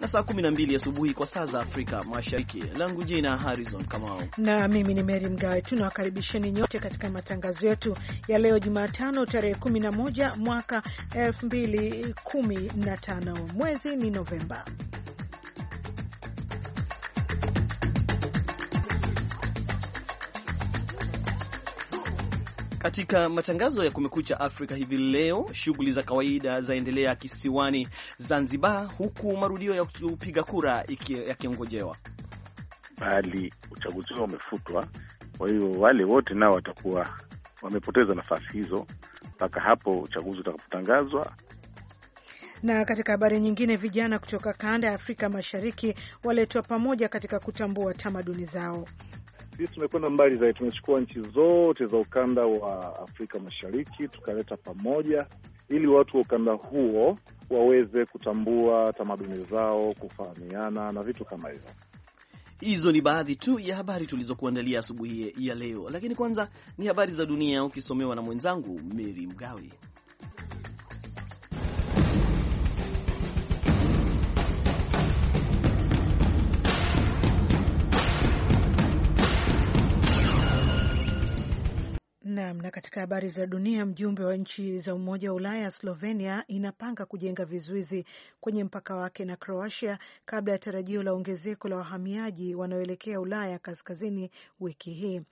na saa 12 asubuhi kwa saa za Afrika Mashariki. Langu jina Harrison Kamau na mimi ni Mary Mgawe. Tunawakaribisheni nyote katika matangazo yetu ya leo Jumatano tarehe 11 mwaka 2015, mwezi ni Novemba. Katika matangazo ya Kumekucha Afrika hivi leo, shughuli za kawaida zaendelea kisiwani Zanzibar, huku marudio ya kupiga kura yakiongojewa, bali uchaguzi huo umefutwa. Kwa hiyo wale wote nao watakuwa wamepoteza nafasi hizo mpaka hapo uchaguzi utakapotangazwa. Na katika habari nyingine, vijana kutoka kanda ya Afrika Mashariki waletwa pamoja katika kutambua tamaduni zao. Sisi tumekwenda mbali zaidi, tumechukua nchi zote za ukanda wa Afrika Mashariki tukaleta pamoja, ili watu wa ukanda huo waweze kutambua tamaduni zao, kufahamiana na vitu kama hivyo. Hizo ni baadhi tu ya habari tulizokuandalia asubuhi ya leo, lakini kwanza ni habari za dunia ukisomewa na mwenzangu mary Mgawe. Nam. Na katika habari za dunia, mjumbe wa nchi za Umoja wa Ulaya Slovenia inapanga kujenga vizuizi kwenye mpaka wake na Croatia kabla ya tarajio la ongezeko la wahamiaji wanaoelekea Ulaya kaskazini wiki hii,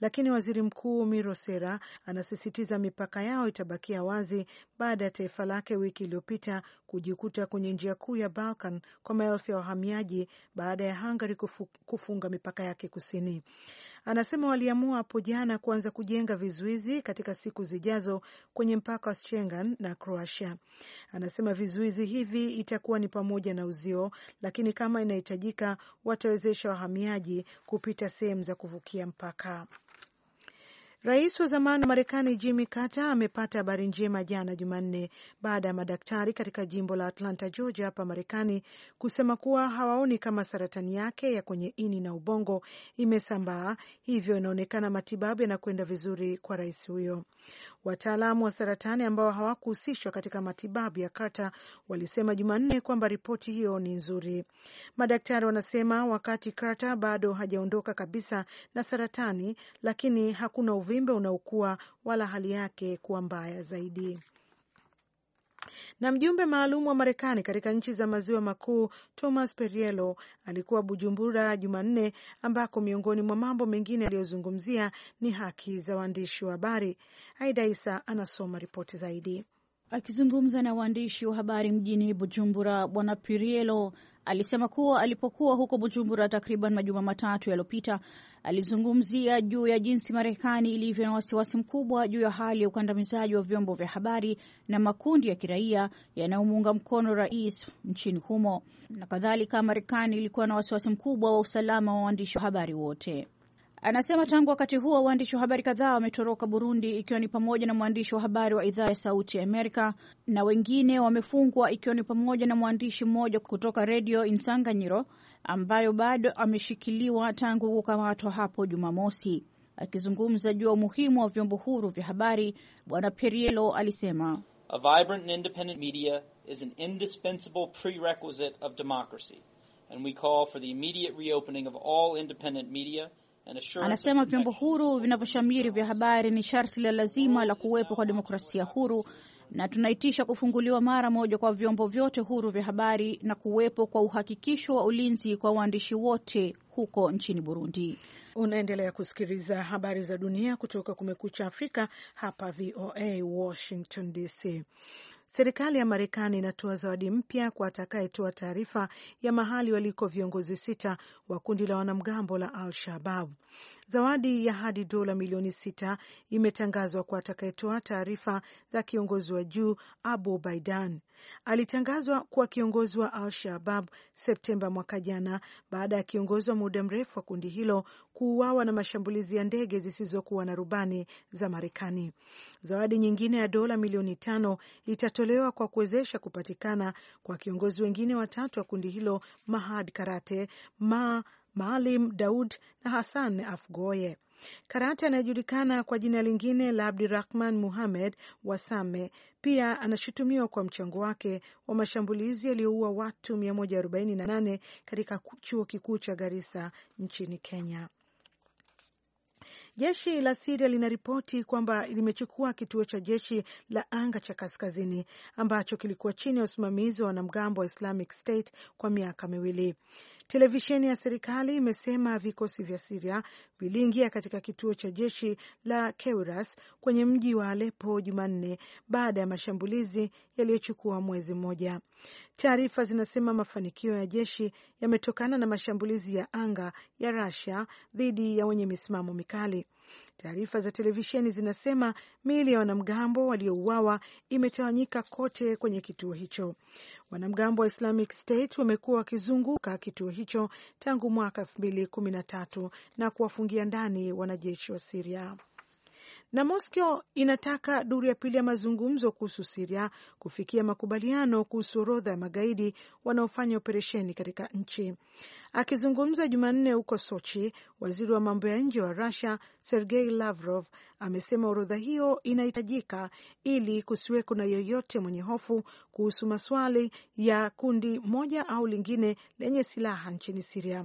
lakini waziri mkuu Mirosera anasisitiza mipaka yao itabakia wazi baada ya taifa lake wiki iliyopita kujikuta kwenye njia kuu ya Balkan kwa maelfu ya wahamiaji baada ya Hungary kufunga mipaka yake kusini. Anasema waliamua hapo jana kuanza kujenga vizuizi katika siku zijazo kwenye mpaka wa Schengen na Croatia. Anasema vizuizi hivi itakuwa ni pamoja na uzio, lakini kama inahitajika watawezesha wahamiaji kupita sehemu za kuvukia mpaka. Rais wa zamani wa Marekani Jimmy Carter amepata habari njema jana Jumanne baada ya madaktari katika jimbo la Atlanta, Georgia, hapa Marekani kusema kuwa hawaoni kama saratani yake ya kwenye ini na ubongo imesambaa, hivyo inaonekana matibabu yanakwenda vizuri kwa rais huyo. Wataalamu wa saratani ambao hawakuhusishwa katika matibabu ya Carter walisema Jumanne kwamba ripoti hiyo ni nzuri. Madaktari wanasema wakati Carter bado hajaondoka kabisa na saratani, lakini hakuna uvi uvimbe unaokua wala hali yake kuwa mbaya zaidi. Na mjumbe maalum wa Marekani katika nchi za maziwa makuu Thomas Perriello alikuwa Bujumbura Jumanne, ambako miongoni mwa mambo mengine aliyozungumzia ni haki za waandishi wa habari. Aida Isa anasoma ripoti zaidi. Akizungumza na waandishi wa habari mjini Bujumbura, Bwana Pirielo alisema kuwa alipokuwa huko Bujumbura takriban majuma matatu yaliyopita, alizungumzia juu ya jinsi Marekani ilivyo na wasiwasi mkubwa juu ya hali ya ukandamizaji wa vyombo vya habari na makundi ya kiraia yanayomuunga mkono rais nchini humo, na kadhalika Marekani ilikuwa na wasiwasi mkubwa wa usalama wa waandishi wa habari wote. Anasema tangu wakati huo waandishi wa habari kadhaa wametoroka Burundi, ikiwa ni pamoja na mwandishi wa habari wa idhaa ya Sauti ya Amerika na wengine wamefungwa, ikiwa ni pamoja na mwandishi mmoja kutoka Redio Insanganyiro ambayo bado ameshikiliwa tangu kukamatwa hapo Jumamosi. Akizungumza juu ya umuhimu wa vyombo huru vya habari, Bwana Perielo alisema A vibrant and independent media is an indispensable prerequisite of democracy and we call for the immediate reopening of all independent media Anasema vyombo huru vinavyoshamiri vya habari ni sharti la lazima la kuwepo kwa demokrasia huru, na tunaitisha kufunguliwa mara moja kwa vyombo vyote huru vya habari na kuwepo kwa uhakikisho wa ulinzi kwa waandishi wote huko nchini Burundi. Unaendelea kusikiliza habari za dunia kutoka Kumekucha Afrika hapa VOA Washington DC. Serikali ya Marekani inatoa zawadi mpya kwa atakayetoa taarifa ya mahali waliko viongozi sita wa kundi la wanamgambo la Al Shabab. Zawadi ya hadi dola milioni sita imetangazwa kwa atakayetoa taarifa za kiongozi wa juu Abu Baidan. Alitangazwa kuwa kiongozi wa Al Shabab Septemba mwaka jana baada ya kiongozi wa muda mrefu wa kundi hilo kuuawa na mashambulizi ya ndege zisizokuwa na rubani za Marekani. Zawadi nyingine ya dola milioni tano itatolewa kwa kuwezesha kupatikana kwa kiongozi wengine watatu wa kundi hilo Mahad Karate Ma Maalim Daud na Hassan Afgoye. Karate anayejulikana kwa jina lingine la Abdirahman Muhamed Wasame pia anashutumiwa kwa mchango wake wa mashambulizi yaliyoua watu 148 katika chuo kikuu cha Garissa nchini Kenya. Jeshi la Siria linaripoti kwamba limechukua kituo cha jeshi la anga cha kaskazini ambacho kilikuwa chini ya usimamizi wa wanamgambo wa Islamic State kwa miaka miwili. Televisheni ya serikali imesema vikosi vya Siria viliingia katika kituo cha jeshi la Keuras kwenye mji wa Alepo Jumanne baada ya mashambulizi yaliyochukua mwezi mmoja. Taarifa zinasema mafanikio ya jeshi yametokana na mashambulizi ya anga ya Rusia dhidi ya wenye misimamo mikali. Taarifa za televisheni zinasema miili ya wanamgambo waliouawa imetawanyika kote kwenye kituo hicho. Wanamgambo wa Islamic State wamekuwa wakizunguka kituo hicho tangu mwaka elfu mbili kumi na tatu na kuwafungia ndani wanajeshi wa Siria na Moscow inataka duru ya pili ya mazungumzo kuhusu Siria kufikia makubaliano kuhusu orodha ya magaidi wanaofanya operesheni katika nchi. Akizungumza Jumanne huko Sochi, waziri wa mambo ya nje wa Rusia Sergei Lavrov amesema orodha hiyo inahitajika ili kusiweko na yoyote mwenye hofu kuhusu maswali ya kundi moja au lingine lenye silaha nchini Siria.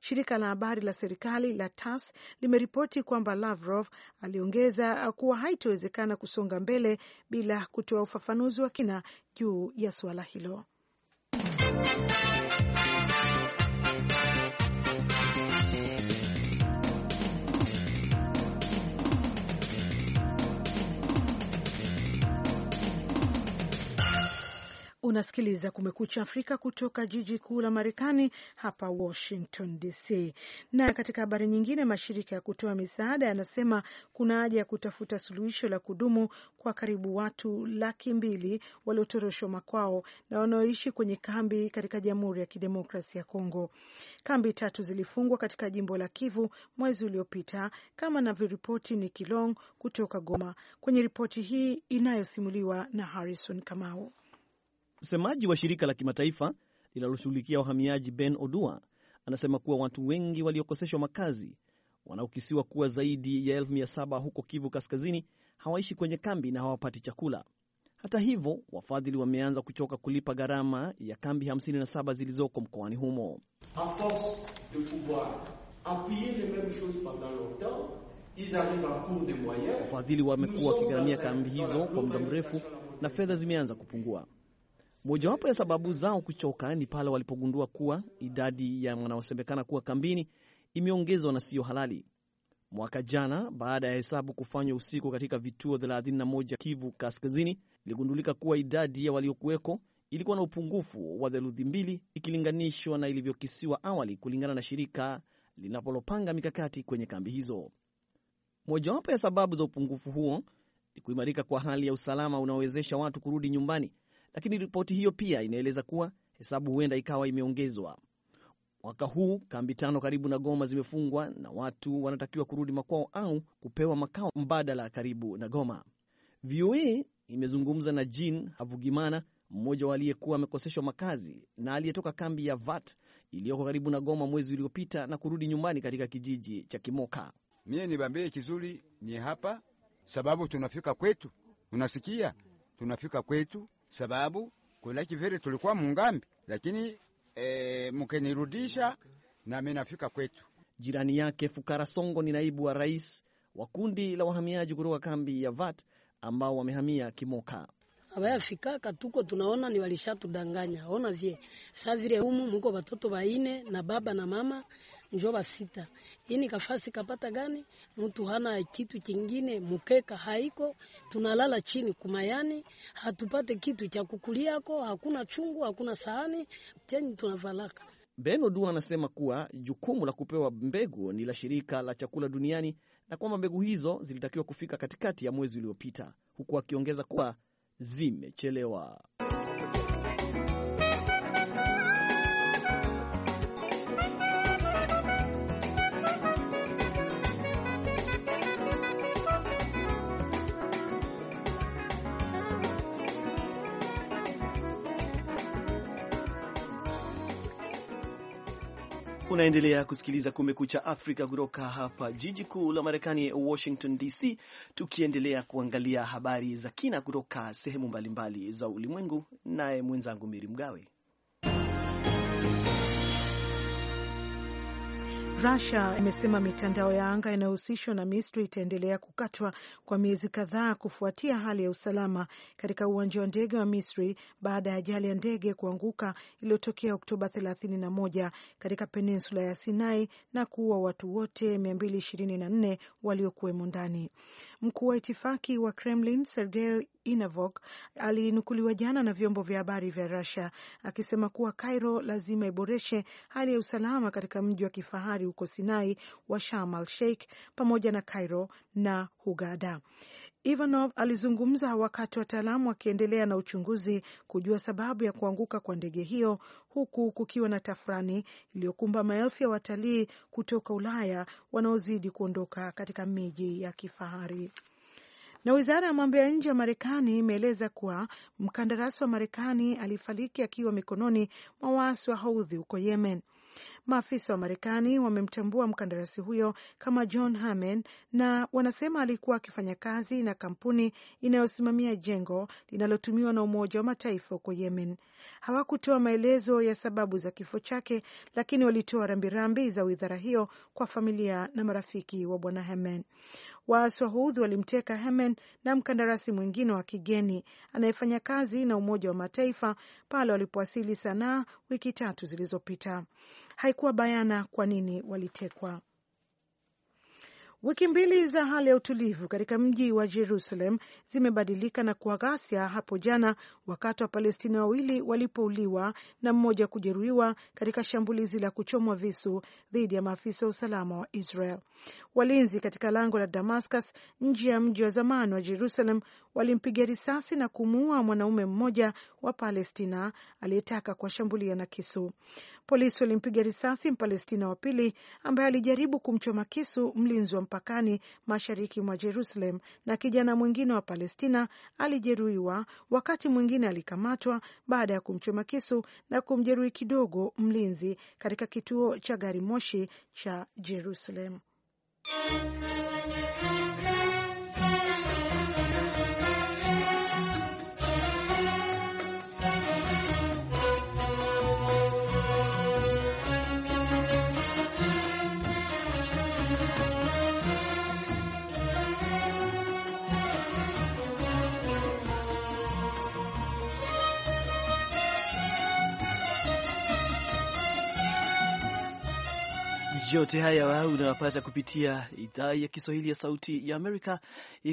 Shirika la habari la serikali la tas limeripoti kwamba Lavrov aliongeza kuwa haitowezekana kusonga mbele bila kutoa ufafanuzi wa kina juu ya suala hilo. Unasikiliza Kumekucha Afrika kutoka jiji kuu la Marekani, hapa Washington DC. Na katika habari nyingine, mashirika ya kutoa misaada yanasema kuna haja ya kutafuta suluhisho la kudumu kwa karibu watu laki mbili waliotoroshwa makwao na wanaoishi kwenye kambi katika Jamhuri ya kidemokrasi ya Kongo. Kambi tatu zilifungwa katika jimbo la Kivu mwezi uliopita, kama anavyoripoti Nikilong kutoka Goma, kwenye ripoti hii inayosimuliwa na Harrison Kamau. Msemaji wa shirika la kimataifa linaloshughulikia wahamiaji Ben Odua anasema kuwa watu wengi waliokoseshwa makazi wanaokisiwa kuwa zaidi ya elfu mia saba huko Kivu Kaskazini hawaishi kwenye kambi na hawapati chakula. Hata hivyo, wafadhili wameanza kuchoka kulipa gharama ya kambi 57 zilizoko mkoani humo. Wafadhili wamekuwa wakigharamia kambi hizo kwa muda mrefu na fedha zimeanza kupungua. Mojawapo ya sababu zao kuchoka ni pale walipogundua kuwa idadi ya wanaosemekana kuwa kambini imeongezwa na siyo halali. Mwaka jana, baada ya hesabu kufanywa usiku katika vituo 31 Kivu Kaskazini, iligundulika kuwa idadi ya waliokuweko ilikuwa na upungufu wa theluthi mbili ikilinganishwa na ilivyokisiwa awali, kulingana na shirika linalopanga mikakati kwenye kambi hizo. Mojawapo ya sababu za upungufu huo ni kuimarika kwa hali ya usalama unaowezesha watu kurudi nyumbani lakini ripoti hiyo pia inaeleza kuwa hesabu huenda ikawa imeongezwa. Mwaka huu kambi tano karibu na Goma zimefungwa na watu wanatakiwa kurudi makwao au kupewa makao mbadala karibu na Goma. VOA imezungumza na Jean Havugimana, mmoja wa aliyekuwa amekoseshwa makazi na aliyetoka kambi ya Vat iliyoko karibu na Goma mwezi uliopita na kurudi nyumbani katika kijiji cha Kimoka. Mie ni kizuri ni hapa, sababu tunafika kwetu, unasikia, tunafika kwetu sababu kula kivere tulikuwa mungambi, lakini e, mkenirudisha nami nafika kwetu. Jirani yake Fukara Songo ni naibu wa rais wa kundi la wahamiaji kutoka kambi ya VAT ambao wamehamia Kimoka. Abayafikaka tuko tunaona ni walishatudanganya, ona vye saa vile umu muko watoto waine na baba na mama njo basita. Ini kafasi kapata gani? Mtu hana kitu kingine, mukeka haiko, tunalala chini kumayani, hatupate kitu cha kukuliako, hakuna chungu, hakuna sahani, tena tunavalaka. Beno Du anasema kuwa jukumu la kupewa mbegu ni la shirika la chakula duniani na kwamba mbegu hizo zilitakiwa kufika katikati ya mwezi uliopita, huku akiongeza kuwa zimechelewa. Unaendelea kusikiliza Kumekucha Afrika kutoka hapa jiji kuu la Marekani, Washington DC, tukiendelea kuangalia habari za kina kutoka sehemu mbalimbali za ulimwengu, naye mwenzangu Miri Mgawe Russia imesema mitandao ya anga inayohusishwa na Misri itaendelea kukatwa kwa miezi kadhaa kufuatia hali ya usalama katika uwanja wa ndege wa Misri baada ya ajali ya ndege kuanguka iliyotokea Oktoba 31 katika peninsula ya Sinai na kuua watu wote 224 waliokuwemo ndani. Mkuu wa itifaki wa Kremlin Sergei Inavok alinukuliwa jana na vyombo vya habari vya Russia akisema kuwa Cairo lazima iboreshe hali ya usalama katika mji wa kifahari huko Sinai wa Sharm el Sheikh pamoja na Cairo na hugada Ivanov alizungumza wakati wataalamu wakiendelea na uchunguzi kujua sababu ya kuanguka kwa ndege hiyo, huku kukiwa na tafrani iliyokumba maelfu ya watalii kutoka Ulaya wanaozidi kuondoka katika miji ya kifahari. Na wizara ya mambo ya nje ya Marekani imeeleza kuwa mkandarasi wa Marekani alifariki akiwa mikononi mwa waasi wa Houthi huko Yemen. Maafisa wa Marekani wamemtambua mkandarasi huyo kama John hamen na wanasema alikuwa akifanya kazi na kampuni inayosimamia jengo linalotumiwa na Umoja wa Mataifa huko Yemen. Hawakutoa maelezo ya sababu za kifo chake, lakini walitoa rambirambi za wizara hiyo kwa familia na marafiki wa bwana hamen Waasi walimteka hamen na mkandarasi mwingine wa kigeni anayefanya kazi na Umoja wa Mataifa pale walipowasili Sanaa wiki tatu zilizopita haikuwa bayana kwa nini walitekwa. Wiki mbili za hali ya utulivu katika mji wa Jerusalem zimebadilika na kuwa ghasia hapo jana, wakati wa Palestina wawili walipouliwa na mmoja kujeruhiwa katika shambulizi la kuchomwa visu dhidi ya maafisa wa usalama wa Israel. Walinzi katika lango la Damascus, nje ya mji wa zamani wa Jerusalem, walimpiga risasi na kumuua mwanaume mmoja wa Palestina aliyetaka kuwashambulia na kisu. Polisi walimpiga risasi Mpalestina wa pili ambaye alijaribu kumchoma kisu mlinzi wa mpakani mashariki mwa Jerusalem, na kijana mwingine wa Palestina alijeruhiwa, wakati mwingine alikamatwa baada ya kumchoma kisu na kumjeruhi kidogo mlinzi katika kituo cha gari moshi cha Jerusalem. Yote haya unayapata kupitia idhaa ya Kiswahili ya Sauti ya Amerika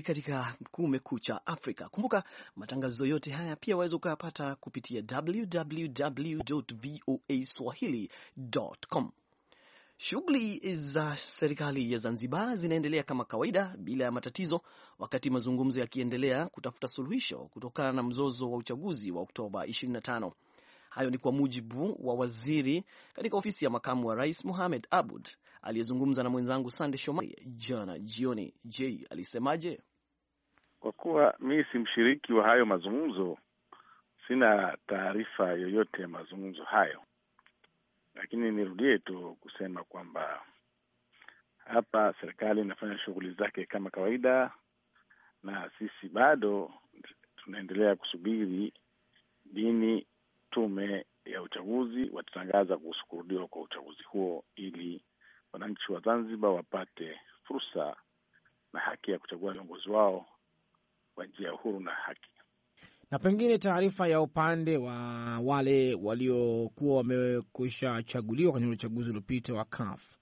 katika Kumekucha Afrika. Kumbuka matangazo yote haya pia waweza ukayapata kupitia www voa swahili.com. Shughuli za serikali ya Zanzibar zinaendelea kama kawaida bila ya matatizo, wakati mazungumzo yakiendelea kutafuta suluhisho kutokana na mzozo wa uchaguzi wa Oktoba 25. Hayo ni kwa mujibu wa waziri katika ofisi ya makamu wa rais Mohamed Abud aliyezungumza na mwenzangu Sande Shomari jana jioni. j alisemaje? Kwa kuwa mi si mshiriki wa hayo mazungumzo, sina taarifa yoyote ya mazungumzo hayo, lakini nirudie tu kusema kwamba hapa serikali inafanya shughuli zake kama kawaida, na sisi bado tunaendelea kusubiri dini tume ya uchaguzi watatangaza kuhusu kurudiwa kwa uchaguzi huo ili wananchi wa Zanzibar wapate fursa na haki ya kuchagua viongozi wao kwa njia ya uhuru na haki. Na pengine taarifa ya upande wa wale waliokuwa wamekwisha chaguliwa kwenye uchaguzi uliopita wa CAF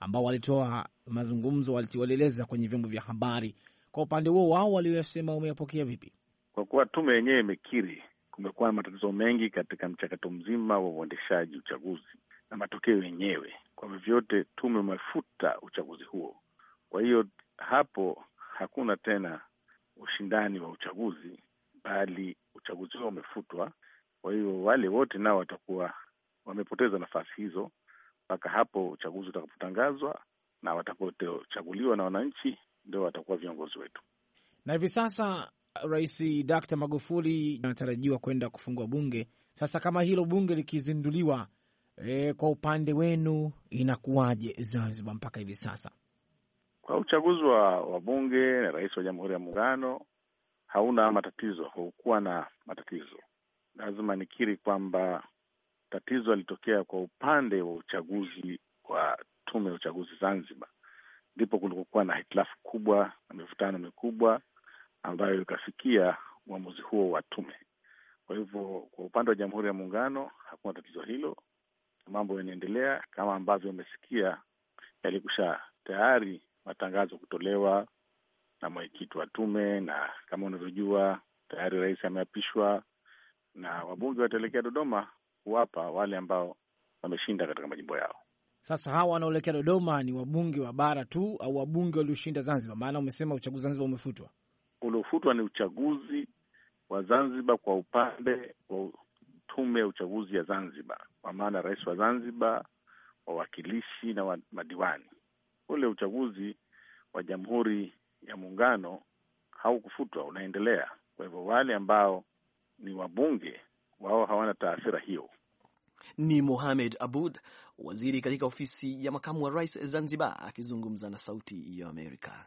ambao walitoa mazungumzo, walieleza kwenye vyombo vya habari, kwa upande huo wao waliosema umeyapokea vipi? Kwa kuwa tume yenyewe imekiri kumekuwa na matatizo mengi katika mchakato mzima wa uendeshaji uchaguzi na matokeo yenyewe. Kwa vyovyote, tume umefuta uchaguzi huo. Kwa hiyo hapo hakuna tena ushindani wa uchaguzi, bali uchaguzi huo umefutwa. Kwa hiyo wale wote nao watakuwa wamepoteza nafasi hizo mpaka hapo uchaguzi utakapotangazwa, na watakaochaguliwa na wananchi ndio watakuwa viongozi wetu. Na hivi sasa Rais Dkt Magufuli anatarajiwa kwenda kufungua bunge. Sasa kama hilo bunge likizinduliwa, e, kwa upande wenu inakuwaje Zanzibar mpaka hivi sasa? Kwa uchaguzi wa, wa bunge na rais wa Jamhuri ya Muungano hauna matatizo, haukuwa na matatizo. Lazima nikiri kwamba tatizo alitokea kwa upande wa uchaguzi wa tume ya uchaguzi Zanzibar, ndipo kulikokuwa na hitilafu kubwa na mivutano mikubwa ambayo ikafikia uamuzi huo wa tume. Kwa hivyo kwa upande wa Jamhuri ya Muungano hakuna tatizo hilo, mambo yanaendelea kama ambavyo umesikia, yalikusha tayari matangazo kutolewa na mwenyekiti wa tume, na kama unavyojua tayari rais ameapishwa na wabunge wataelekea Dodoma kuwapa wale ambao wameshinda katika majimbo yao. Sasa hawa wanaoelekea Dodoma ni wabunge wa bara tu au wabunge walioshinda Zanzibar? Maana umesema uchaguzi Zanzibar umefutwa uliofutwa ni uchaguzi wa Zanzibar kwa upande wa tume ya uchaguzi ya Zanzibar, kwa maana rais wa Zanzibar, wawakilishi na wa, madiwani. Ule uchaguzi wa Jamhuri ya Muungano haukufutwa, unaendelea. Kwa hivyo wale ambao ni wabunge wao hawana taathira hiyo. Ni Mohamed Abud, waziri katika ofisi ya makamu wa rais Zanzibar, akizungumza na Sauti ya Amerika.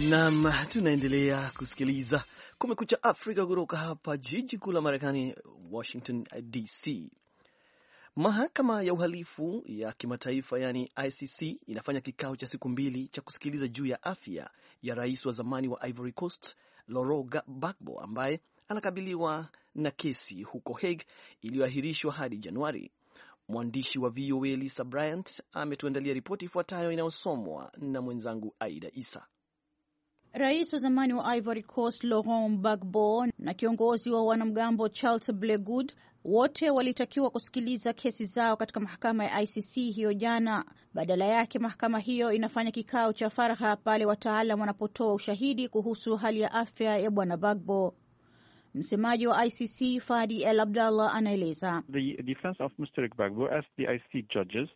Nam, tunaendelea kusikiliza Kumekucha Afrika kutoka hapa jiji kuu la Marekani, Washington DC. Mahakama ya Uhalifu ya Kimataifa yani ICC inafanya kikao cha siku mbili cha kusikiliza juu ya afya ya rais wa zamani wa Ivory Coast Laurent Gbagbo ambaye anakabiliwa na kesi huko Hague iliyoahirishwa hadi Januari. Mwandishi wa VOA Lisa Bryant ametuandalia ripoti ifuatayo inayosomwa na mwenzangu Aida Isa. Rais wa zamani wa Ivory Coast Laurent Gbagbo na kiongozi wa wanamgambo Charles Ble Goude wote walitakiwa kusikiliza kesi zao katika mahakama ya ICC hiyo jana. Badala yake, mahakama hiyo inafanya kikao cha faragha pale wataalam wanapotoa ushahidi kuhusu hali ya afya ya bwana Gbagbo. Msemaji wa ICC Fadi El Abdallah anaeleza, the defense of Mr Gbagbo as the ICC judges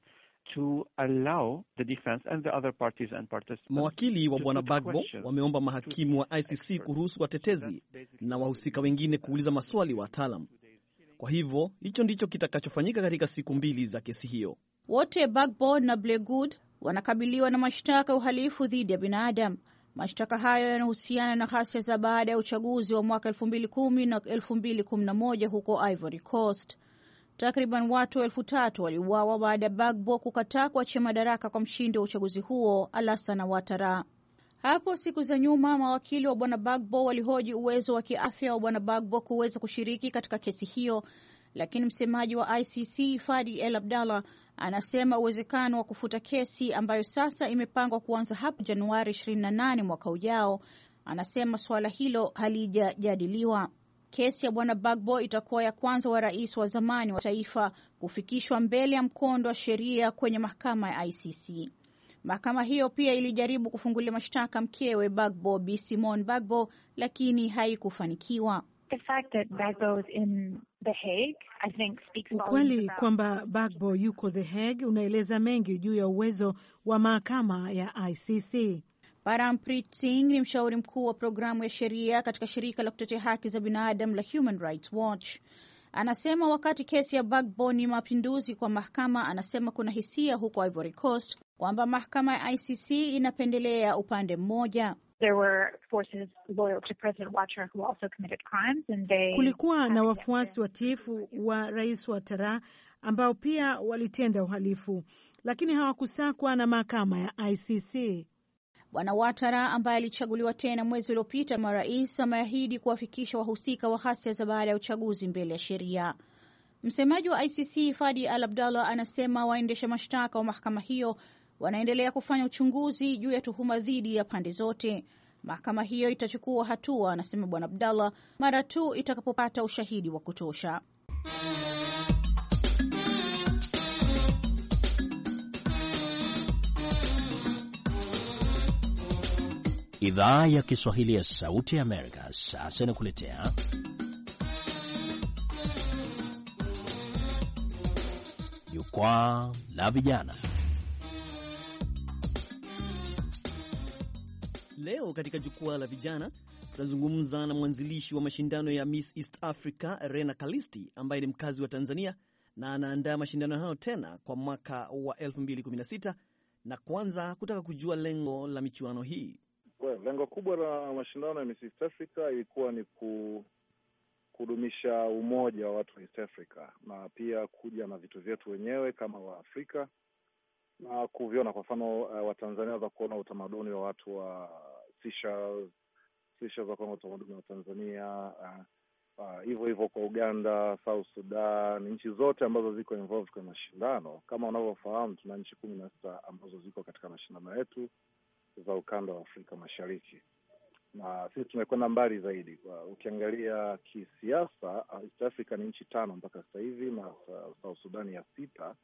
To allow the defense and the other parties and participants. Mawakili wa Bwana Bagbo wameomba mahakimu wa ICC kuruhusu watetezi na wahusika wengine kuuliza maswali wataalam. Kwa hivyo hicho ndicho kitakachofanyika katika siku mbili za kesi hiyo. Wote Bagbo na Blegood wanakabiliwa na mashtaka ya uhalifu dhidi ya binadamu. Mashtaka hayo yanahusiana na ghasia za baada ya uchaguzi wa mwaka 2010 na 2011 huko Ivory Coast. Takriban watu elfu tatu waliuawa baada ya Bagbo kukataa kuachia madaraka kwa mshindi wa uchaguzi huo Alassane Ouattara. Hapo siku za nyuma mawakili wa bwana Bagbo walihoji uwezo wa kiafya wa bwana Bagbo kuweza kushiriki katika kesi hiyo, lakini msemaji wa ICC Fadi El Abdallah anasema uwezekano wa kufuta kesi ambayo sasa imepangwa kuanza hapo Januari 28 mwaka ujao, anasema suala hilo halijajadiliwa. Kesi ya bwana Bagbo itakuwa ya kwanza wa rais wa zamani wa taifa kufikishwa mbele ya mkondo wa sheria kwenye mahakama ya ICC. Mahakama hiyo pia ilijaribu kufungulia mashtaka mkewe Bagbo Bi Simon Bagbo, lakini haikufanikiwa. Ukweli kwamba Bagbo yuko The Hague unaeleza mengi juu ya uwezo wa mahakama ya ICC. Parampreet Singh ni mshauri mkuu wa programu ya sheria katika shirika la kutetea haki za binadamu la Human Rights Watch. Anasema wakati kesi ya Gbagbo ni mapinduzi kwa mahakama, anasema kuna hisia huko Ivory Coast kwamba mahakama ya ICC inapendelea upande mmoja. There were forces loyal to President who also committed crimes and they... kulikuwa na wafuasi watiifu wa Rais wa tara ambao pia walitenda uhalifu, lakini hawakusakwa na mahakama ya ICC. Bwana Watara ambaye alichaguliwa tena mwezi uliopita marais rais ameahidi kuwafikisha wahusika wa ghasia za baada ya uchaguzi mbele ya sheria. Msemaji wa ICC Fadi Al Abdallah anasema waendesha mashtaka wa mahakama hiyo wanaendelea kufanya uchunguzi juu ya tuhuma dhidi ya pande zote. Mahakama hiyo itachukua hatua, anasema Bwana Abdallah, mara tu itakapopata ushahidi wa kutosha. Idhaa ya Kiswahili ya Sauti ya Amerika sasa inakuletea Jukwaa la Vijana. Leo katika Jukwaa la Vijana tunazungumza na mwanzilishi wa mashindano ya Miss East Africa Rena Kalisti ambaye ni mkazi wa Tanzania na anaandaa mashindano hayo tena kwa mwaka wa 2016 na kwanza kutaka kujua lengo la michuano hii. Well, lengo kubwa la mashindano ya Miss East Africa ilikuwa ni ku, kudumisha umoja wa watu wa East Africa na pia kuja na vitu vyetu wenyewe kama Waafrika na kuviona, kwa mfano uh, eh, Watanzania waza kuona utamaduni wa watu wa Seychelles, Seychelles za kuona utamaduni wa Tanzania eh, ah, hivyo uh, uh, hivyo kwa Uganda, South Sudan, nchi zote ambazo ziko involved kwenye mashindano. Kama unavyofahamu, tuna nchi kumi na sita ambazo ziko katika mashindano yetu za ukanda wa Afrika Mashariki, na sisi tumekwenda mbali zaidi. Kwa ukiangalia kisiasa, uh, East Africa ni nchi tano mpaka sasa hivi na South Sudani ya sita.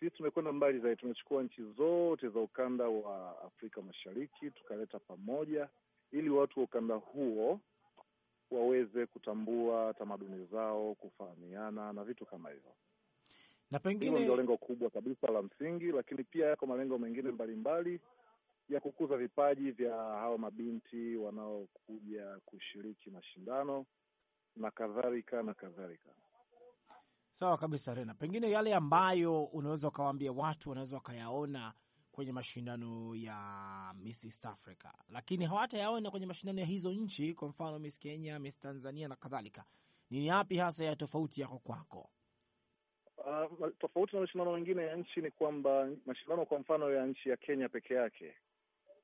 Sisi tumekwenda mbali zaidi, tumechukua nchi zote za ukanda wa Afrika Mashariki tukaleta pamoja, ili watu wa ukanda huo waweze kutambua tamaduni zao, kufahamiana na vitu kama hivyo na pengine hilo ndio lengo kubwa kabisa la msingi, lakini pia yako malengo mengine mbalimbali mbali, ya kukuza vipaji vya hawa mabinti wanaokuja kushiriki mashindano na kadhalika na kadhalika. Sawa kabisa, Rena, pengine yale ambayo unaweza ukawaambia watu wanaweza wakayaona kwenye mashindano ya Miss East Africa, lakini hawatayaona kwenye mashindano ya hizo nchi, kwa mfano Miss Kenya, Miss Tanzania na kadhalika, ni yapi hasa ya tofauti yako kwako? Uh, tofauti na mashindano mengine ya nchi ni kwamba mashindano kwa mfano ya nchi ya Kenya peke yake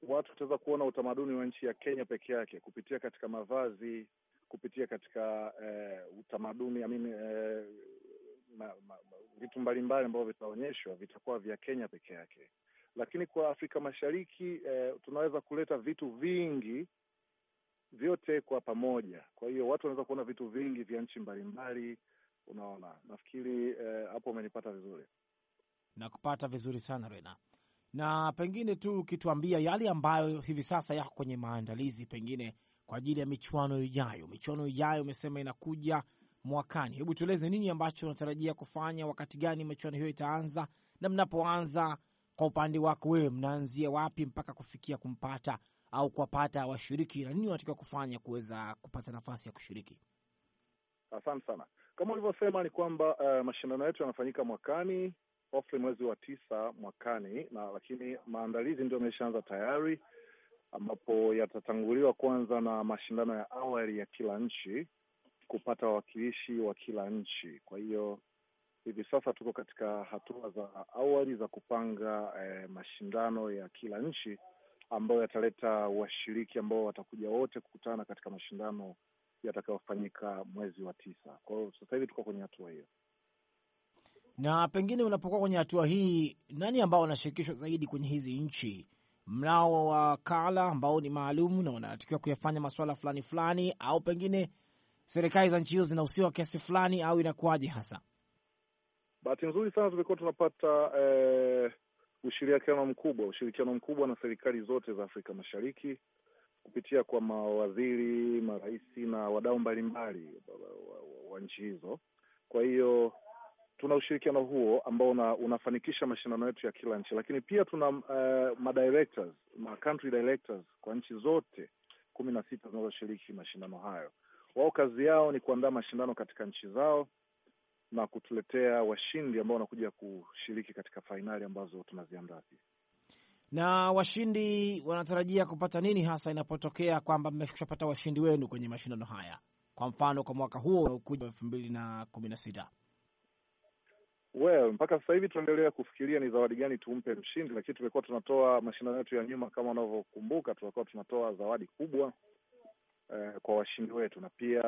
watu wataweza kuona utamaduni wa nchi ya Kenya peke yake kupitia katika mavazi, kupitia katika eh, utamaduni amini, eh, ma, ma, vitu mbalimbali ambavyo vitaonyeshwa vitakuwa vya Kenya peke yake. Lakini kwa Afrika Mashariki eh, tunaweza kuleta vitu vingi vyote kwa pamoja. Kwa hiyo watu wanaweza kuona vitu vingi vya nchi mbalimbali. Unaona, nafikiri eh, hapo eh, umenipata vizuri. Nakupata vizuri sana Rena na pengine tu ukituambia yale ambayo hivi sasa yako kwenye maandalizi pengine kwa ajili ya michuano ijayo. Michuano ijayo umesema inakuja mwakani, hebu tueleze nini ambacho unatarajia kufanya, wakati gani michuano hiyo itaanza, na mnapoanza kwa upande wako wewe, mnaanzia wapi mpaka kufikia kumpata au kuwapata washiriki, na nini wanatakiwa kufanya kuweza kupata nafasi ya kushiriki? Asante sana. Kama ulivyosema ni kwamba uh, mashindano yetu yanafanyika mwakani Ofri mwezi wa tisa mwakani, na lakini maandalizi ndio ameshaanza tayari, ambapo yatatanguliwa kwanza na mashindano ya awali ya kila nchi kupata wawakilishi wa kila nchi. Kwa hiyo hivi sasa tuko katika hatua za awali za kupanga eh, mashindano ya kila nchi ambayo yataleta washiriki ambao watakuja wote kukutana katika mashindano yatakayofanyika mwezi wa tisa. Kwa hiyo sasa hivi tuko kwenye hatua hiyo. Na pengine unapokuwa kwenye hatua hii, nani ambao wanashirikishwa zaidi kwenye hizi nchi? Mnao wakala ambao ni maalum na wanatakiwa kuyafanya masuala fulani fulani, au pengine serikali za nchi hizo zinahusiwa kiasi fulani, au inakuwaje hasa? Bahati nzuri sana tumekuwa tunapata eh, ushirikiano mkubwa ushirikiano mkubwa na serikali zote za Afrika Mashariki kupitia kwa mawaziri, marais na wadau mbalimbali wa nchi hizo. Kwa hiyo tuna ushirikiano huo ambao una, unafanikisha mashindano yetu ya kila nchi, lakini pia tuna uh, eh, madirectors ma country directors kwa nchi zote kumi na sita zinazoshiriki mashindano hayo. Wao kazi yao ni kuandaa mashindano katika nchi zao na kutuletea washindi ambao wanakuja kushiriki katika fainali ambazo tunaziandaa sisi. Na washindi wanatarajia kupata nini hasa inapotokea kwamba mmeshapata washindi wenu kwenye mashindano haya? Kwa mfano, kwa mwaka huo unaokuja elfu mbili na kumi na sita Well, mpaka sasa hivi tunaendelea kufikiria ni zawadi gani tumpe mshindi, lakini tumekuwa tunatoa mashindano yetu ya nyuma, kama unavyokumbuka, tunakuwa tunatoa zawadi kubwa eh, kwa washindi wetu, na pia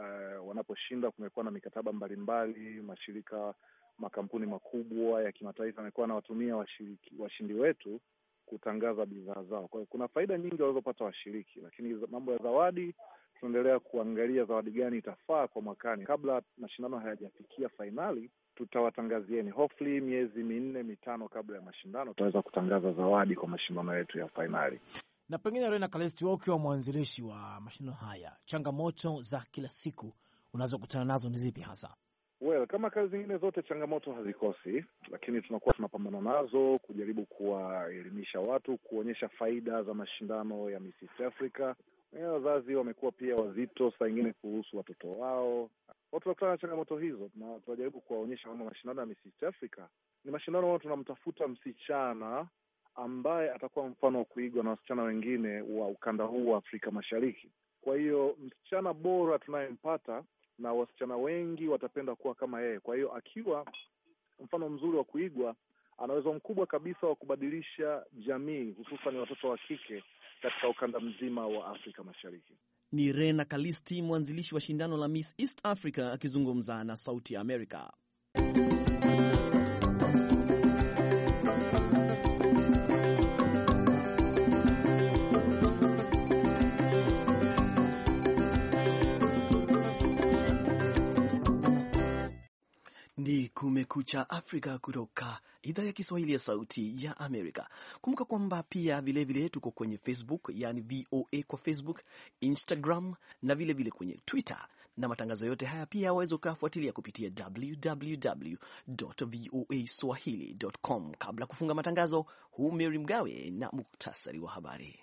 eh, wanaposhinda kumekuwa na mikataba mbalimbali, mashirika makampuni makubwa ya kimataifa yamekuwa anawatumia washiriki washindi wetu kutangaza bidhaa zao. Kwa hiyo kuna faida nyingi walizopata washiriki, lakini mambo ya zawadi tunaendelea kuangalia zawadi gani itafaa kwa mwakani. Kabla mashindano hayajafikia fainali, tutawatangazieni hopefully, miezi minne mitano kabla ya mashindano tutaweza kutangaza zawadi kwa mashindano yetu ya fainali. Na pengine Rena Kalesti, wa ukiwa mwanzilishi wa mashindano haya, changamoto za kila siku unazokutana nazo ni zipi hasa? Well, kama kazi zingine zote changamoto hazikosi, lakini tunakuwa tunapambana nazo kujaribu kuwaelimisha watu, kuonyesha faida za mashindano ya Miss East Africa, wengine eh, wazazi wamekuwa pia wazito saa ingine kuhusu watoto wao. Watu na changamoto hizo, na tunajaribu kuwaonyesha kwamba mashindano ya Miss East Africa ni mashindano ambayo tunamtafuta msichana ambaye atakuwa mfano wa kuigwa na wasichana wengine wa ukanda huu wa Afrika Mashariki. Kwa hiyo msichana bora tunayempata na wasichana wengi watapenda kuwa kama yeye. Kwa hiyo akiwa mfano mzuri wa kuigwa ana uwezo mkubwa kabisa wa kubadilisha jamii, hususan watoto wa kike katika ukanda mzima wa Afrika Mashariki. Ni Rena Kalisti, mwanzilishi wa shindano la Miss East Africa, akizungumza na Sauti ya ni Kumekucha Afrika kutoka idhaa ya Kiswahili ya Sauti ya Amerika. Kumbuka kwamba pia vilevile tuko kwenye Facebook, yani VOA kwa Facebook, Instagram na vilevile vile kwenye Twitter, na matangazo yote haya pia yaweza ukayafuatilia kupitia www voa swahili.com. Kabla kufunga matangazo, huu Meri Mgawe na muktasari wa habari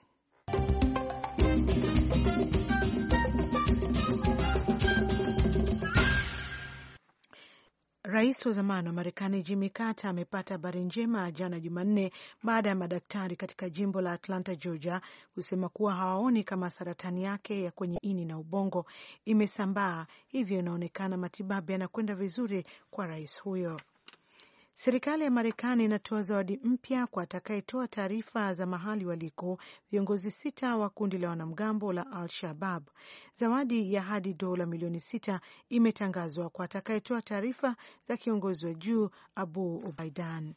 Rais wa zamani wa Marekani Jimmy Carter amepata habari njema jana Jumanne baada ya madaktari katika jimbo la Atlanta, Georgia, kusema kuwa hawaoni kama saratani yake ya kwenye ini na ubongo imesambaa, hivyo inaonekana matibabu yanakwenda vizuri kwa rais huyo. Serikali ya Marekani inatoa zawadi mpya kwa atakayetoa taarifa za mahali waliko viongozi sita wa kundi la wanamgambo la Al Shabab. Zawadi ya hadi dola milioni sita imetangazwa kwa atakayetoa taarifa za kiongozi wa juu Abu Ubaidan.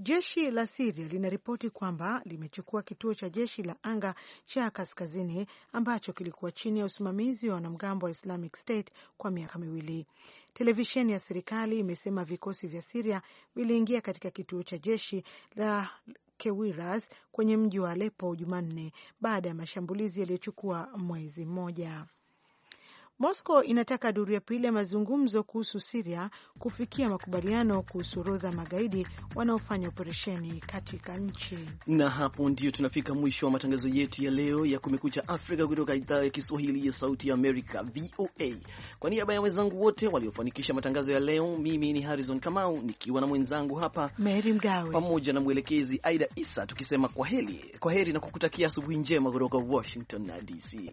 Jeshi la Siria linaripoti kwamba limechukua kituo cha jeshi la anga cha kaskazini ambacho kilikuwa chini ya usimamizi wa wanamgambo wa Islamic State kwa miaka miwili. Televisheni ya serikali imesema vikosi vya Siria viliingia katika kituo cha jeshi la Kewiras kwenye mji wa Alepo Jumanne baada ya mashambulizi yaliyochukua mwezi mmoja. Moscow inataka duru ya pili ya mazungumzo kuhusu Siria kufikia makubaliano kuhusu orodha magaidi wanaofanya operesheni katika nchi. Na hapo ndio tunafika mwisho wa matangazo yetu ya leo ya Kumekucha Afrika kutoka idhaa ya Kiswahili ya Sauti ya Amerika, VOA. Kwa niaba ya wenzangu wote waliofanikisha matangazo ya leo, mimi ni Harrison Kamau nikiwa na mwenzangu hapa Mary Mgawe pamoja na mwelekezi Aida Isa, tukisema kwa heri, kwa heri na kukutakia asubuhi njema kutoka Washington DC.